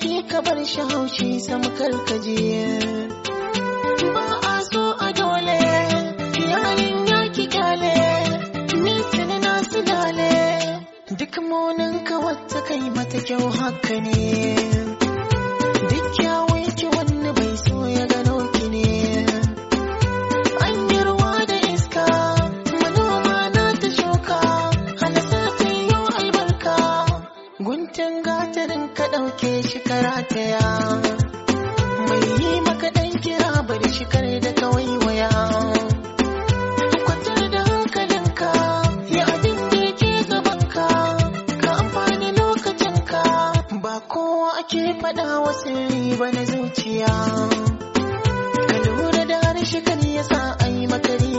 ki ka bar shi haushi sam karkaje ba a so a dole yayin ya ki kyale ni tuni na su dale duk munin ka wata kai mata kyau haka ne sani ba na zuciya ka lura da harshe kan yasa ai makari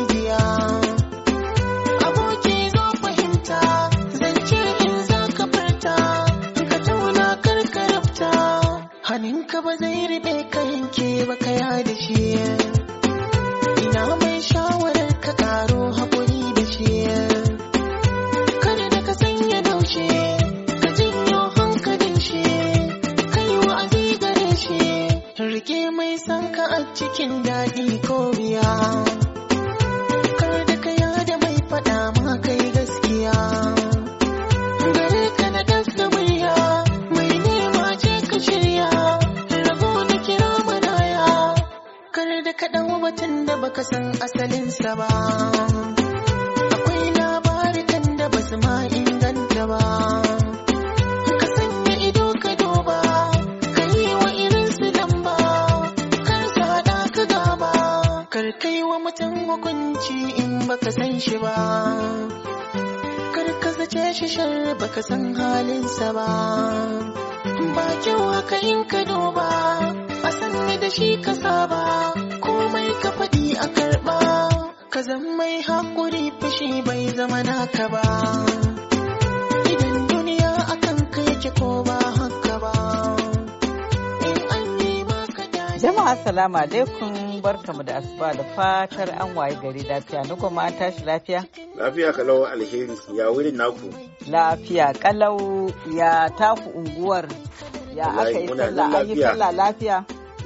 watan da baka san asalinsa ba akwai kan da basu ma inganta ba ka sanya ido ka ka yi wa irin lamba kar ka gaba kar kai mutum hukunci in baka san shi ba kar ka zace shi shar baka san halinsa ba ba kyau haka in ka duba a sanni da shi ka saba zan mai hakuri fushi bai zama naka ba idan duniya akan ka yake ko ba haka ba jama'a assalamu alaikum barkamu da asuba da fatar an waye gari lafiya ni kuma an tashi lafiya lafiya kalau alheri ya wurin naku lafiya kalau ya taku unguwar ya aka yi sallah an yi sallah lafiya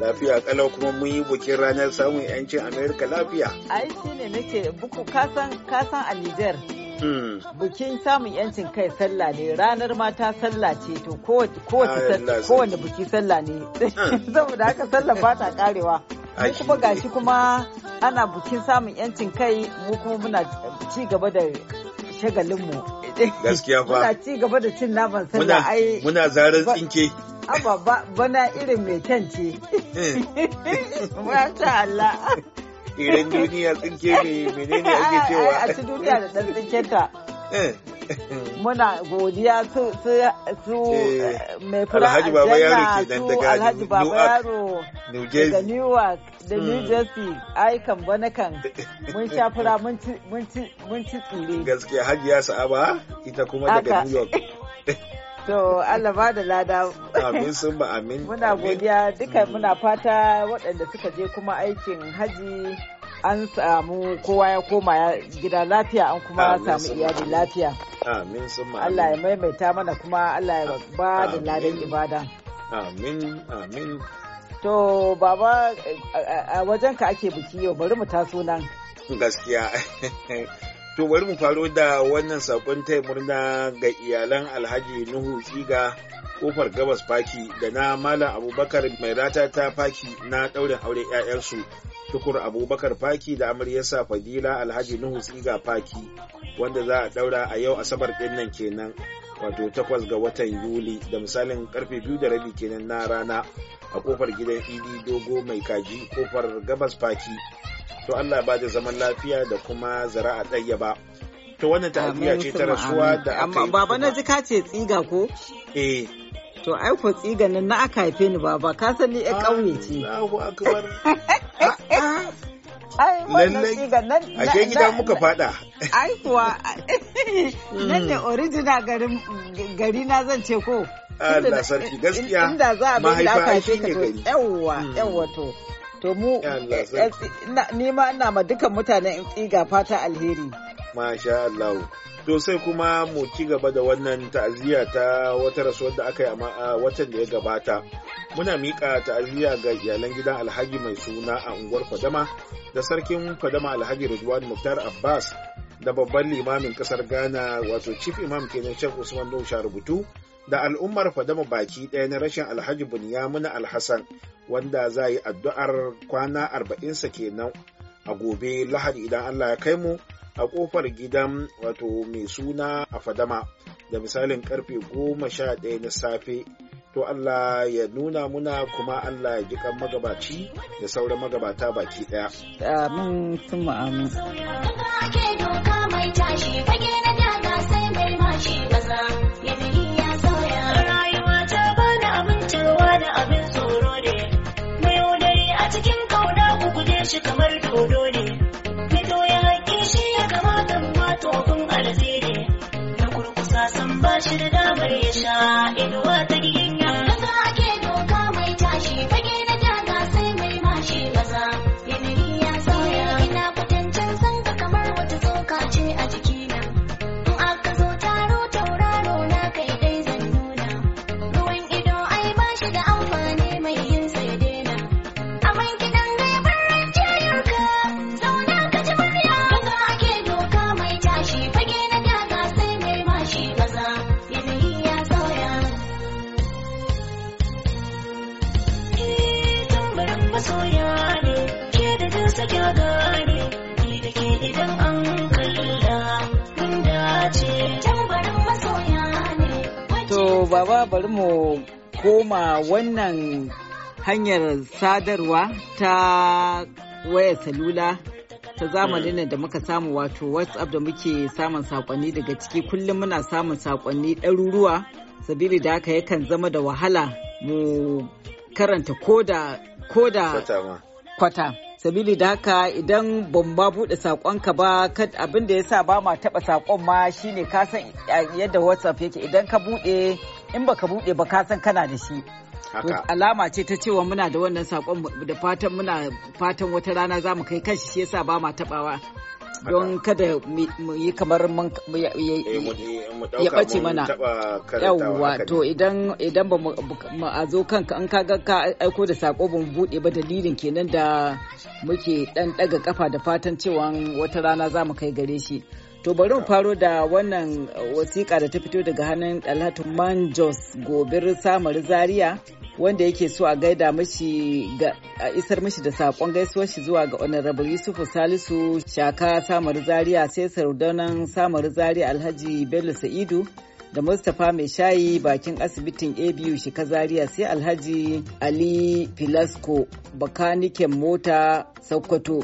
lafiya kalau kuma mun yi bukin ranar samun yancin amerika lafiya ai shi ne nake buku kasan kasan a niger hmm. bukin samun yancin kai sallah ne ranar mata sallah ce to kowace buki sallah ne hmm. saboda haka sallah ba ta karewa kuma gashi eh. kuma ana bukin samun yancin kai mu kuma muna ci gaba da shagalin mu. gaskiya fa muna ci gaba da cin naman sallah ai muna zarar tsinke abba bana irin mai kyan ce eh. masha Allah irin duniya tsinke ne menene ake cewa a ci duniya da dan tsinke ta eh. muna godiya su su eh, mai fura alhaji baba yaro daga alhaji baba yaro daga newark da new hmm. jersey ai kan bana kan mun sha fura mun ci tsire gaskiya sa'a sa'aba ita kuma daga new york To Allah ba da lada. Amin sun ba amin. Muna godiya duka hmm. muna fata waɗanda suka je kuma aikin haji an samu kowa ya koma gida lafiya an kuma samu iyali lafiya amin summa Allah ya maimaita mana kuma Allah ya ba da ladan ibada amin amin to baba a wajen ka ake biki yau bari mu taso nan gaskiya to bari mu faro da wannan sakon taya murna ga iyalan alhaji nuhu tsiga kofar gabas faki da na malam abubakar mai rata ta faki na ɗaurin aure 'ya'yansu Tukur Abubakar Faki da amaryarsa Fadila Alhaji Nuhu Tsiga Faki wanda za a daura a yau Asabar ɗin nan kenan wato takwas ga watan Yuli da misalin karfe biyu da rabi kenan na rana a kofar gidan Idi Dogo mai kaji kofar Gabas Faki. To Allah ba da zaman lafiya da kuma zara'a ɗaya ba. To wannan ta'aziyya ce ta rasuwa da aka yi. Baba na ji ka ce tsiga ko? Eh. To ai ko tsiga nan na aka haife ni baba ka san ni ƴan ƙauye ce. ai wannan ga nan a ke gida muka fada ai kuwa hmm. nan ne original garin gari na zan ce ko Allah sarki gaskiya inda za a bai da aka ce ka to yawwa hmm. yawwa to to mu eh, eh, ni ma ina ma dukan mutanen in tsiga fata alheri masha Allah to sai kuma mu ci gaba da wannan ta'aziyya ta wata rasuwar da aka yi a watan da ya gabata muna miƙa ta'aziyya ga iyalan gidan alhaji mai suna a unguwar fadama da sarkin fadama alhaji ridwan muktar abbas da babban limamin ƙasar ghana wato chief imam kenan shek usman don rubutu da al'ummar fadama baki ɗaya na rashin alhaji bunyamina alhassan wanda za yi addu'ar kwana arba'insa kenan a gobe lahadi idan allah ya kai mu a kofar gidan wato mai suna a fadama da misalin karfe goma sha ɗaya na safe to Allah ya nuna muna kuma Allah ya jikan magabaci da sauran magabata baki daya. Amin sun amin. mai tashi fage na daga sai mai mashi sha'id wa wannan hanyar sadarwa ta waya salula ta zamanin hmm. da muka samu wato whatsapp da muke samun sakonni daga ciki kullum muna samun sakonni ɗaruruwa sabili da haka yakan zama da wahala mu karanta koda koda kwata sabili da haka idan ban ma buɗe saƙonka ba abin da ya sa ba ma taɓa saƙon ma shine ka san yadda whatsapp yake idan ka buɗe in baka buɗe ba ka san kana da shi alama ce ta cewa muna da wannan sakon da fatan muna fatan wata rana za mu kai kashi shi yasa ba ma tabawa don kada mu yi kamar eh, eh, ya ɓace mana yawwa to idan ba mu a zo kanka in kaga ka aiko da sako ba mu buɗe ba dalilin kenan da muke ɗan ɗaga kafa da fatan cewa wata rana za mu kai gare shi To bari mu faro da wannan uh, wasiƙa da ta fito daga hannun Dalhatu Manjos Gobir Samar Zaria wanda yake so a gaida mashi a isar mashi da sakon gaisuwar shi zuwa ga Honorable Yusufu Salisu Shaka Samar Zaria sai Sardanan Samar Zaria Alhaji Bello Sa'idu da Mustapha Mai Shayi bakin asibitin ABU Shika Zaria sai Alhaji Ali Filasco bakaniken mota Sokoto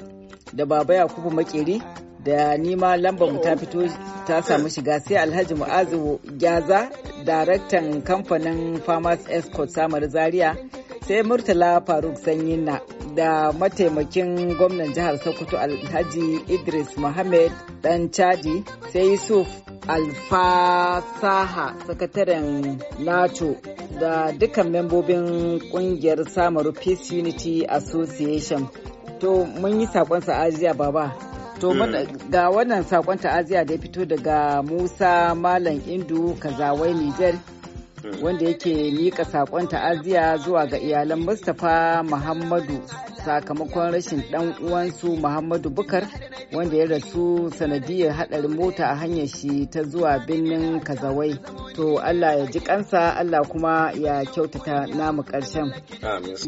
da Baba Yakubu Makeri da nima lambar mu ta fito ta samu shiga sai alhaji mu'azu gyaza daraktan kamfanin farmers escort samar zaria sai murtala faruk na da mataimakin gwamnan jihar sokoto alhaji idris mohammed dan chadi sai yusuf alfasaha sakataren nato da dukkan membobin kungiyar samaru peace unity association to mun yi sakon sa'ajiya baba To mm. ga wannan sakon ta'aziya da ya fito daga Musa Malam Indu Kazawai Nijar wanda yake miƙa saƙon ta'aziya zuwa ga iyalan Mustapha Muhammadu sakamakon rashin dan uwansu Muhammadu Bukar wanda ya rasu sanadiyar hadarin mota a hanyar shi ta zuwa birnin Kazawai. To Allah ya ji kansa Allah kuma ya kyautata namu ƙarshen.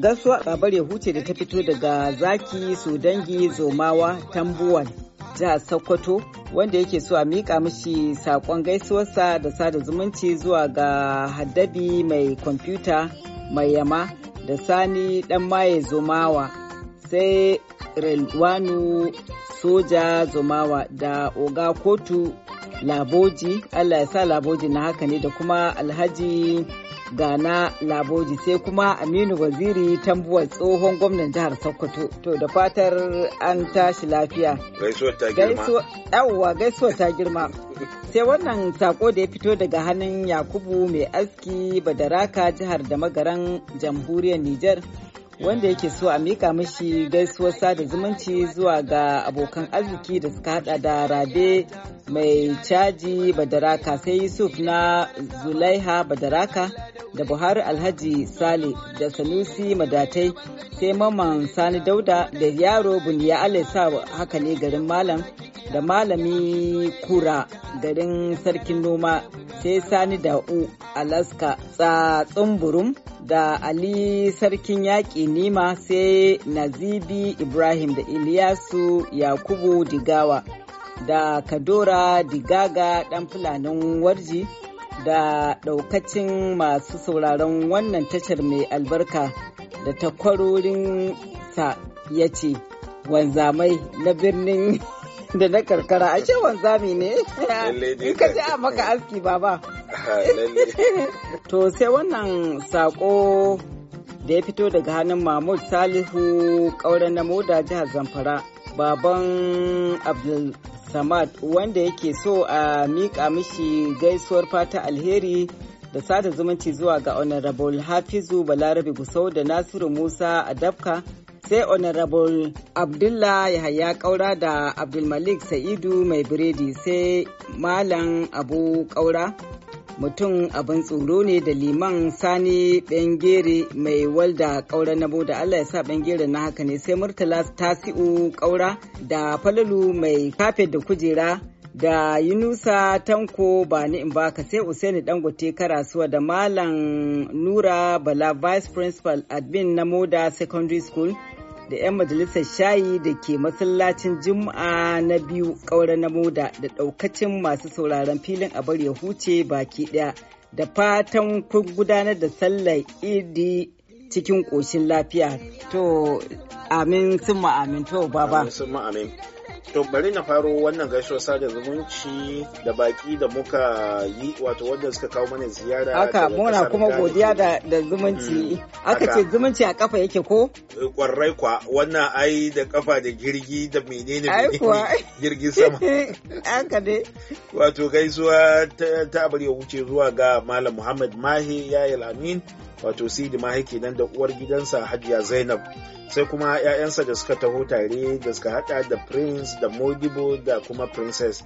gasuwa babar ya huce da ta fito daga zaki su dangi zomawa tambuwan. jihar Sokoto wanda yake so a miƙa mishi saƙon gaisuwarsa da sada zumunci zuwa ga haddabi mai kwamfuta mai yama da sani ɗan maye zomawa sai Relwanu soja zomawa da oga kotu laboji Allah ya sa laboji na haka ne da kuma alhaji gana laboji sai kuma aminu waziri tambuwar tsohon gwamnan jihar sokoto to da fatar an tashi lafiya gaisuwa ta girma sai wannan sako da ya fito daga hannun yakubu mai aski badaraka jihar da magaran jamhuriyar niger wanda yake so a mika mashi gaisuwar sada zumunci zuwa ga abokan arziki da suka hada da rabe mai caji badaraka sai yusuf na zulaiha badaraka da buhari alhaji sale da sanusi madatai sai maman sani dauda da yaro buniya alisa haka ne garin malam da malami kura garin sarkin noma sai sani da u alaska tsatsun burum da ali sarkin yaƙi nima sai nazibi ibrahim da iliyasu yakubu digawa da kadora digaga ɗan fulanin warji da ɗaukacin masu sauraron wannan tashar mai albarka da takwarorinsa ya ce wanzamai na birnin da na karkara ashe wanzami ne in ka a maka aski baba to sai wannan sako da ya fito daga hannun mahmud salihu kauren na moda jihar zamfara baban abdul samad wanda yake so a miƙa mishi gaisuwar fata alheri da sada zumunci zuwa ga honorable hafizu balarabe gusau da nasiru musa a dafka sai honorable abdullah yahaya kaura da abdulmalik sa'idu mai biredi sai malam abu kaura mutum abin tsoro ne da liman sani bengere mai walda kaura na da allah ya sa bengere na haka ne sai murtala tasi'u kaura da falalu mai kafe da kujera da yunusa tanko ba ni in baka sai usaini dangote karasuwa da malam nura bala vice principal admin na moda secondary school da 'yan majalisar shayi da ke masallacin juma'a na biyu kaura na moda da ɗaukacin masu sauraron filin a bari ya huce baki ɗaya da fatan kun gudanar da sallar idi cikin ƙoshin lafiya to amin sun ma'amin to baba amin sun ma'amin To bari na faro wannan gaisuwar sada zumunci da baki da muka yi wato wanda suka kawo mana ziyara. Haka muna kuma godiya da zumunci. Mm, Aka ce zumunci a kafa yake ko? Kwarai eh, kwa wannan ai da kafa da jirgi da menene jirgin sama. Haka ne. Wato gaisuwa ta abar ya wuce zuwa ga Malam Muhammad Mahi Yayil Amin wato Sidi Mahi kenan da uwar gidansa Hajiya Zainab. sai kuma 'ya'yansa da suka taho tare da suka hada da prince da modibo da kuma princess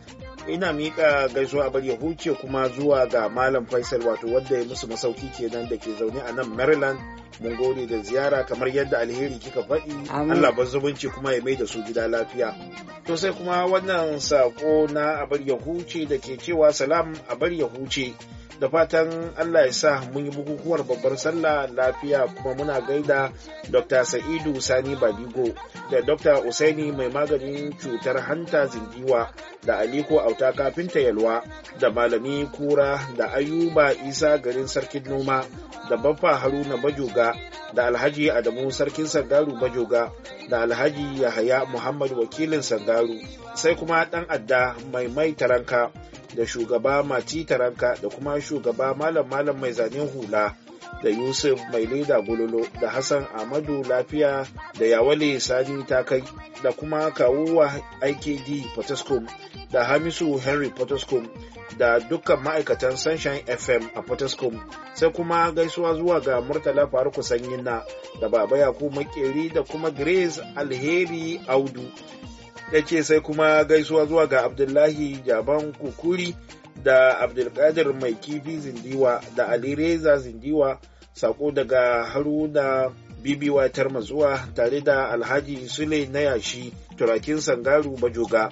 ina miƙa gaisuwa bar ya huce kuma zuwa ga malam faisal wato wadda ya musu masauki kenan da ke zaune a nan maryland mun gode da ziyara kamar yadda alheri kika faɗi allah ban zumunci kuma ya mai da su gida lafiya to sai kuma wannan sako na abar ya huce da ke cewa salam abar ya huce da fatan Allah ya sa mun yi bukukuwar babbar sallah lafiya kuma muna gaida Dr. Sa'idu Sani Badigo da Dr. Usaini mai maganin cutar hanta zindiwa da Aliko Auta kafinta yalwa da Malami Kura da Ayuba Isa garin sarkin noma da Baffa Haruna Bajoga da Alhaji Adamu sarkin Sardaru Bajoga da Alhaji Yahaya Muhammad wakilin Sardaru sai kuma ɗan adda mai mai taranka da shugaba mati taranka da kuma shugaba malam malam mai zanen hula da yusuf mai leda gololo da hassan amadu lafiya da yawale sani ta kai da kuma kawuwa ikd potoscom da hamisu henry potoscom da dukkan ma'aikatan sunshine fm a potoscom sai kuma gaisuwa zuwa ga murtala faruku sanyin na da baba yaku makeri da kuma grace alheri audu ya ce sai kuma gaisuwa zuwa ga abdullahi jaban kukuri da abdulkadir mai kifi zindiwa da ali reza zindiwa sako daga haruna bibiwa tarmazuwa tare da alhaji sule na yashi turakin sangaru bajoga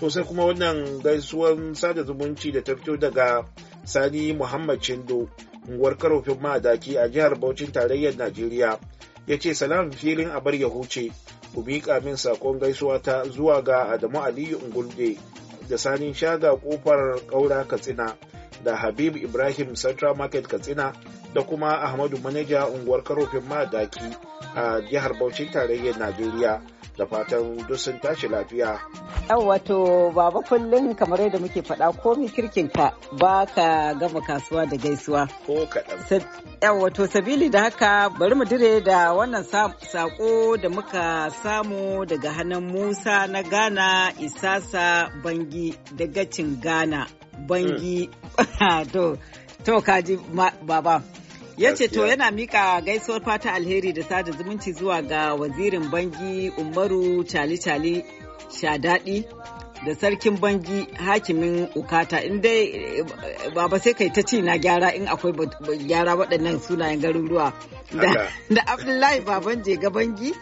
to sai kuma wannan gaisuwan sada zumunci da ta fito daga sani muhammad chindo unguwar karofin madaki a jihar Bauchin tarayyar najeriya ya ce salam filin abar ya huce ku miƙa min saƙon gaisuwa ta zuwa ga Adamu Aliyu Ungulde da Sanin Shaga kofar ƙaura Katsina da Habib Ibrahim Central Market Katsina da kuma Ahmadu Manaja unguwar Karofin Madaki a jihar bauchi tarayyar Najeriya da fatan duk sun tashi lafiya. Yan wato baba kullum kamar yadda muke faɗa komi kirkin ka ba ka gama kasuwa da gaisuwa. Ko kaɗan. Yan wato sabili da haka bari mu dire da wannan sako da muka samu daga hannun Musa na Ghana Isasa Bangi daga cin Ghana Bangi. Mm. To, to kaji baba. ya ce to yana mika gaisuwar fata alheri da sada zumunci zuwa ga wazirin bangi umaru cali-cali shadaɗi da sarkin bangi hakimin ukata in dai eh, ba sai kai ta ci na gyara in akwai gyara waɗannan sunayen garuruwa da abdullahi baban jega bangi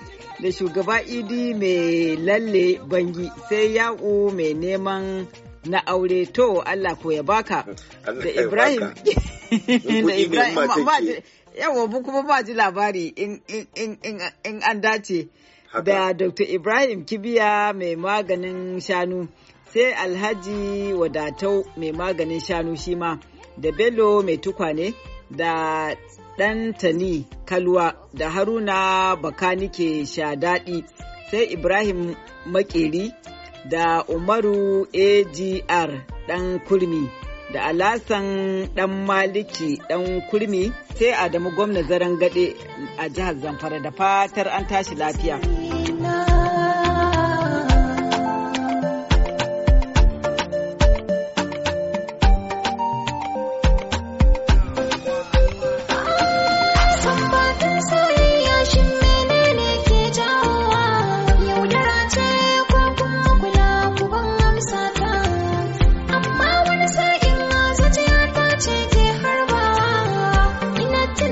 da shugaba idi mai lalle bangi sai yaƙo mai neman na aure to allah ko ya baka da ibrahim da Ibrahim ba kuma ba ji labari in an dace da Dr. Ibrahim Kibiya mai maganin shanu sai Alhaji Wadatau mai maganin shanu shi ma da Bello mai tukwane da Dan Tani Kalwa da Haruna Bakanike Shadaɗi sai Ibrahim Makeri da Umaru AGR ɗan Kurmi. da alasan dan maliki dan kurmi sai adamu gwamna zaren gade a jihar zamfara da fatar an tashi lafiya.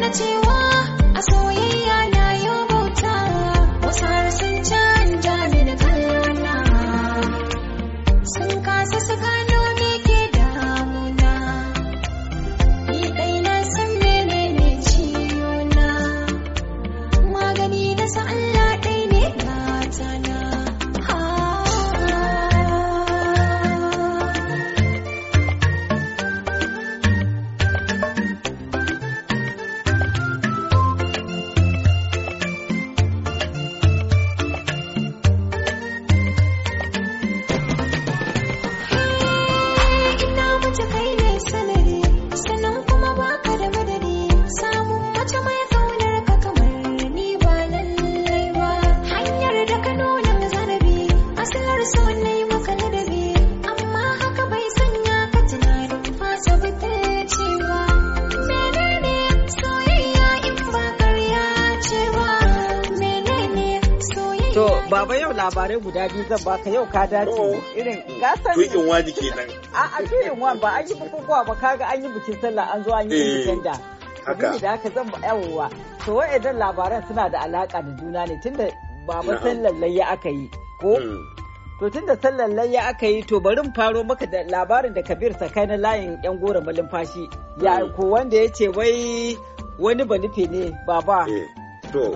eternity Baba yau labarai guda biyu zan baka yau ka dace oh. irin gasan tuyin wani nan. A a tuyin wani ba an yi bukukuwa ba kaga an yi bikin sallah an zo an yi bikin eh, da. Haka. Da haka zan ba yawowa. To wa'annan labaran suna da alaka da juna ne tunda baba sallar layya aka yi ko. Hmm. To tunda sallar layya aka yi to bari faro maka da labarin da Kabir sakai na layin yan gora malumfashi. Ya hmm. ko wanda ya ce wai wani banufe ne baba. Eh.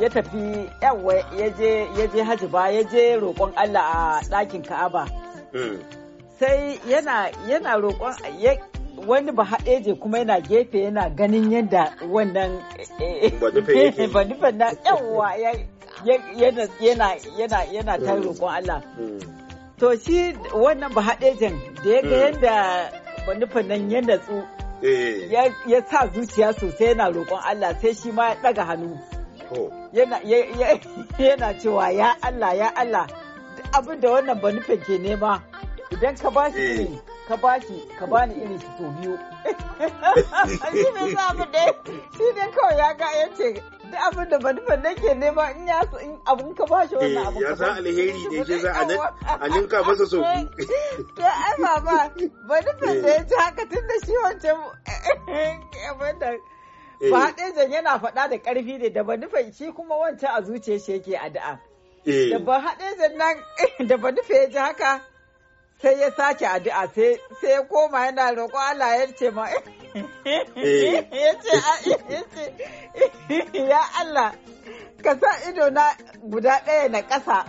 ya tafi yawa ya je hajji ba ya je roƙon Allah a ɗakin Ka'aba. Mm. Sai yana yana roƙon wani ba haɗeje kuma yana gefe yana ganin yadda wannan eh, eh, ba na yawa yana ta mm. roƙon Allah. Mm. To shi wannan ba haɗejen da ya ga yadda ba nan ya natsu eh. ya sa zuciya sosai yana roƙon Allah sai shi ma ya ɗaga hannu. yana cewa ya Allah ya Allah abin da wannan ba nufin ke nema idan ka ba shi eh. iri ka ba shi ka ba ni iri su biyu shi ne samu da shi ne kawai ya ga ya ce da abin da ba nufin da ke nema in ya in abin ka ba shi wannan eh, abin ya sa alheri ne ke za a ka masa so to ai ba ba nufin da eh. ya ci haka tun da shi wancan abin da Bahaɗejan eh. yana faɗa da ƙarfi ne da ba nufin shi kuma wancan a zuciya shi yake addu'a. Eh. Da Bahaɗejan nan da ba nufe ya ji haka sai ya sake addu'a sai ya koma yana roƙo Allah ya ce ma eh. ya Allah ka sa ido na guda ɗaya na ƙasa.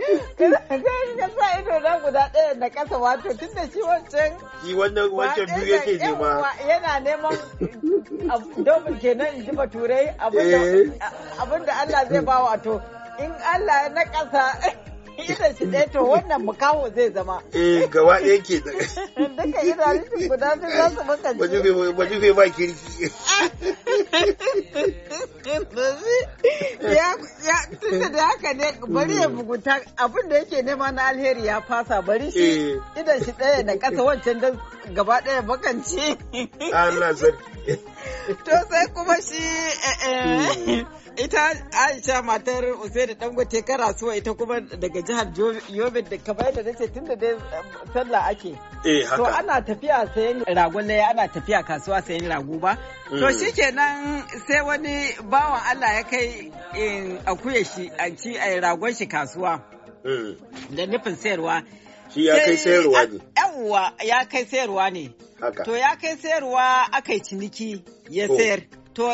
Sai ka sa ido na guda ɗaya na ƙasa wato tun da shi wancan. Shi wannan wancan biyu yake nema. Yana neman domin kenan in ji baturai eh. Allah zai ba wato. In Allah na kasa. idan shi ɗaya eh, to wannan mukawo zai zama eh gaba ɗaya ke da duka idan shi guda biyu za su maka ji bajufe ba kirki ya tunda da haka ne bari ya buguta abin da yake nema na alheri ya fasa bari shi eh. idan shi ɗaya da ƙasa wancan da gaba ɗaya bakanci Allah sarki to sai kuma shi eh, hmm. ita Aisha matar da Dangote Karasuwa ita kuma daga jihar Yobe da kamar yadda nace tun da dai eh, sallah ake. Eh, haka. To ana tafiya sayan ragon ne ana tafiya kasuwa sayan rago ba. To mm. shikenan sai wani bawan Allah ya kai in eh, akuya shi a ci ragon shi kasuwa. Mm. Da nufin sayarwa. Shi ya kai sayarwa ne. Yawwa ya kai sayarwa ne. Haka. To ya kai sayarwa aka yi ciniki ya sayar. To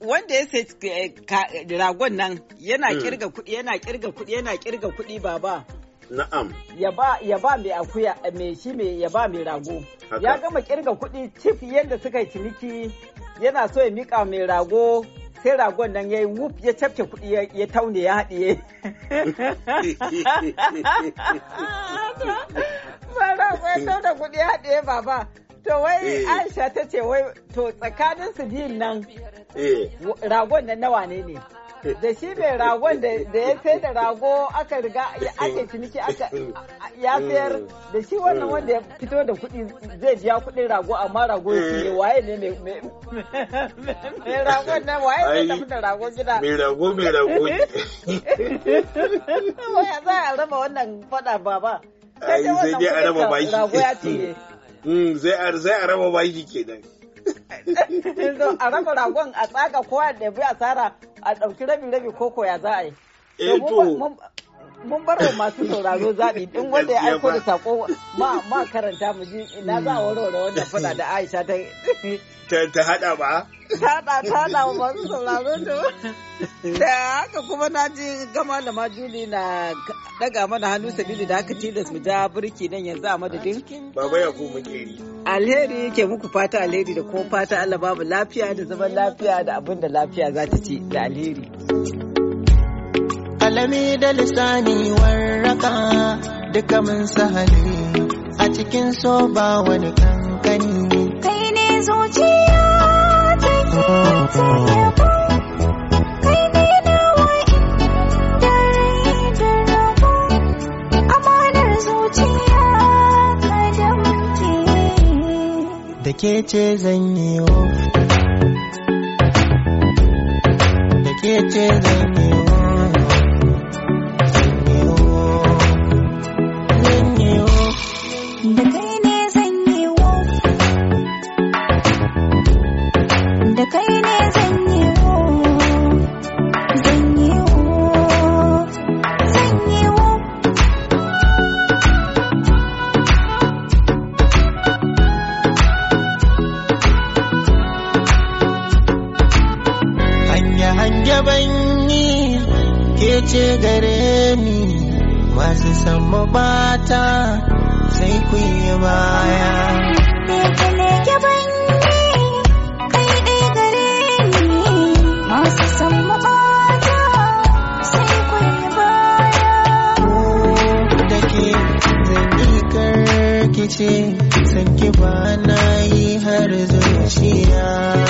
wanda ya sai ragon nan yana hmm. kirga kuɗi yana kirga kudi yana kirga kuɗi baba na'am ya ba mai akuya mai shi mai ya ba mai rago ya gama kirga kuɗi chief yadda suka yi ciniki yana so ya mika mai rago sai ragon nan ya yi wuf ya cafke kuɗi ya taune ya haɗiye. Ba ragon ya taune kuɗi ya haɗiye baba. To wai eh. Aisha ta ce wai to tsakanin su biyun nan eh. ragon da nawa ne ne. Eh. Da shi mai ragon da ya sai da rago aka riga ake ciniki aka ya sayar da shi wannan wanda ya fito da kuɗi zai biya kuɗin rago amma rago ya ne waye ne mai ragon nan waye ne tafi da rago gida. Mai rago mai rago. Waya za a raba wannan faɗa baba. Ai zai dai a raba baki. Rago ya ce. Mm, zai a raba baki kenan a raba ragon a tsaka kowa da bi asara a ɗauki rabi rabi koko ya za a yi eh mun bar wa masu sauraro zaɓi in wanda ya aiko da sako ma karanta mu ji ina za a warware wanda fada da Aisha ta ta hada ba ta hada ta hada wa masu sauraro da da haka kuma na ji gama da majuli na daga mana hannu sabili da haka tilas mu ja burki nan yanzu a madadin baba ya ku makeri alheri ke muku fata alheri da kuma fata Allah babu lafiya da zaman lafiya da abin da lafiya za ta ci da alheri kalami da lisani warraka duka mun sahali a cikin so ba wani kankani kai ne zuciya ta take ke ce zan yi da ke ce zan yi kici sanki ba na yi har zuciya